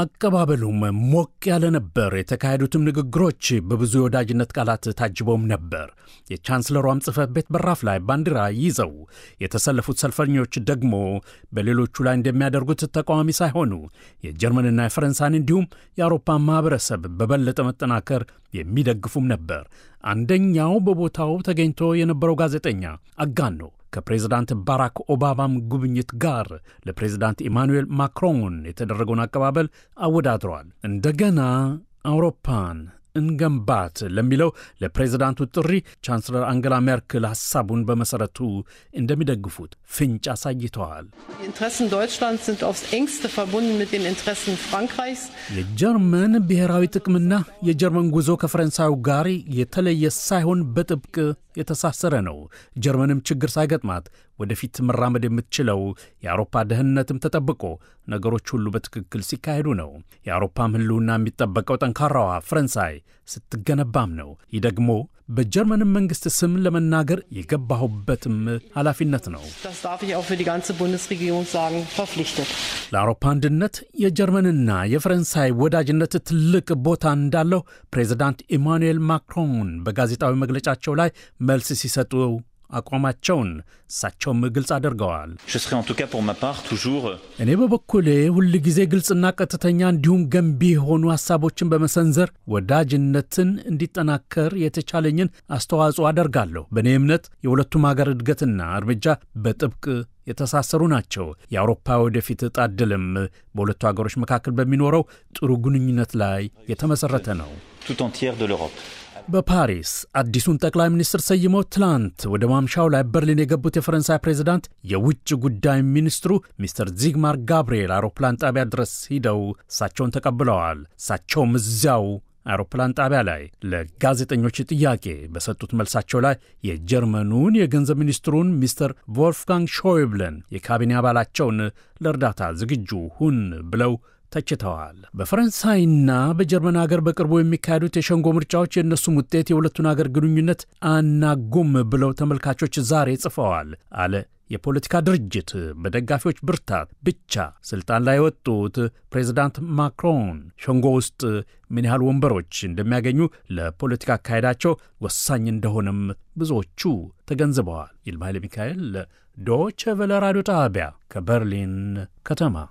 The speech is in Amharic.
አቀባበሉም ሞቅ ያለ ነበር። የተካሄዱትም ንግግሮች በብዙ የወዳጅነት ቃላት ታጅበውም ነበር። የቻንስለሯም ጽህፈት ቤት በራፍ ላይ ባንዲራ ይዘው የተሰለፉት ሰልፈኞች ደግሞ በሌሎቹ ላይ እንደሚያደርጉት ተቃዋሚ ሳይሆኑ የጀርመንና የፈረንሳይን እንዲሁም የአውሮፓ ማኅበረሰብ በበለጠ መጠናከር የሚደግፉም ነበር። አንደኛው በቦታው ተገኝቶ የነበረው ጋዜጠኛ አጋን ነው። ከፕሬዝዳንት ባራክ ኦባማም ጉብኝት ጋር ለፕሬዝዳንት ኢማኑኤል ማክሮን የተደረገውን አቀባበል አወዳድረዋል። እንደገና አውሮፓን እንገንባት ለሚለው ለፕሬዝዳንቱ ጥሪ ቻንስለር አንገላ ሜርክል ሐሳቡን በመሠረቱ እንደሚደግፉት ፍንጭ አሳይተዋል። Interessen Deutschlands sind aufs engste verbunden mit den Interessen Frankreichs. የጀርመን ብሔራዊ ጥቅምና የጀርመን ጉዞ ከፈረንሳዩ ጋር የተለየ ሳይሆን በጥብቅ የተሳሰረ ነው። ጀርመንም ችግር ሳይገጥማት ወደፊት መራመድ የምትችለው የአውሮፓ ደህንነትም ተጠብቆ ነገሮች ሁሉ በትክክል ሲካሄዱ ነው። የአውሮፓም ህልውና የሚጠበቀው ጠንካራዋ ፈረንሳይ ስትገነባም ነው። ይህ ደግሞ በጀርመንም መንግሥት ስም ለመናገር የገባሁበትም ኃላፊነት ነው። ለአውሮፓ አንድነት የጀርመንና የፈረንሳይ ወዳጅነት ትልቅ ቦታ እንዳለው ፕሬዚዳንት ኢማኑኤል ማክሮን በጋዜጣዊ መግለጫቸው ላይ መልስ ሲሰጡ አቋማቸውን እሳቸውም ግልጽ አድርገዋል። እኔ በበኩሌ ሁል ጊዜ ግልጽና ቀጥተኛ እንዲሁም ገንቢ የሆኑ ሐሳቦችን በመሰንዘር ወዳጅነትን እንዲጠናከር የተቻለኝን አስተዋጽኦ አደርጋለሁ። በእኔ እምነት የሁለቱም ሀገር እድገትና እርምጃ በጥብቅ የተሳሰሩ ናቸው። የአውሮፓ ወደፊት ዕጣ ዕድልም በሁለቱ ሀገሮች መካከል በሚኖረው ጥሩ ግንኙነት ላይ የተመሠረተ ነው። በፓሪስ አዲሱን ጠቅላይ ሚኒስትር ሰይመው ትላንት ወደ ማምሻው ላይ በርሊን የገቡት የፈረንሳይ ፕሬዚዳንት የውጭ ጉዳይ ሚኒስትሩ ሚስተር ዚግማር ጋብርኤል አውሮፕላን ጣቢያ ድረስ ሂደው እሳቸውን ተቀብለዋል። እሳቸውም እዚያው አውሮፕላን ጣቢያ ላይ ለጋዜጠኞች ጥያቄ በሰጡት መልሳቸው ላይ የጀርመኑን የገንዘብ ሚኒስትሩን ሚስተር ቮልፍጋንግ ሾይብለን የካቢኔ አባላቸውን ለእርዳታ ዝግጁ ሁን ብለው ተችተዋል። በፈረንሳይና በጀርመን ሀገር በቅርቡ የሚካሄዱት የሸንጎ ምርጫዎች የእነሱም ውጤት የሁለቱን አገር ግንኙነት አናጉም ብለው ተመልካቾች ዛሬ ጽፈዋል አለ የፖለቲካ ድርጅት በደጋፊዎች ብርታት ብቻ ስልጣን ላይ የወጡት ፕሬዚዳንት ማክሮን ሸንጎ ውስጥ ምን ያህል ወንበሮች እንደሚያገኙ ለፖለቲካ አካሄዳቸው ወሳኝ እንደሆነም ብዙዎቹ ተገንዝበዋል። ይልማ ኃይለ ሚካኤል ዶቼ ቬለ ራዲዮ ጣቢያ ከበርሊን ከተማ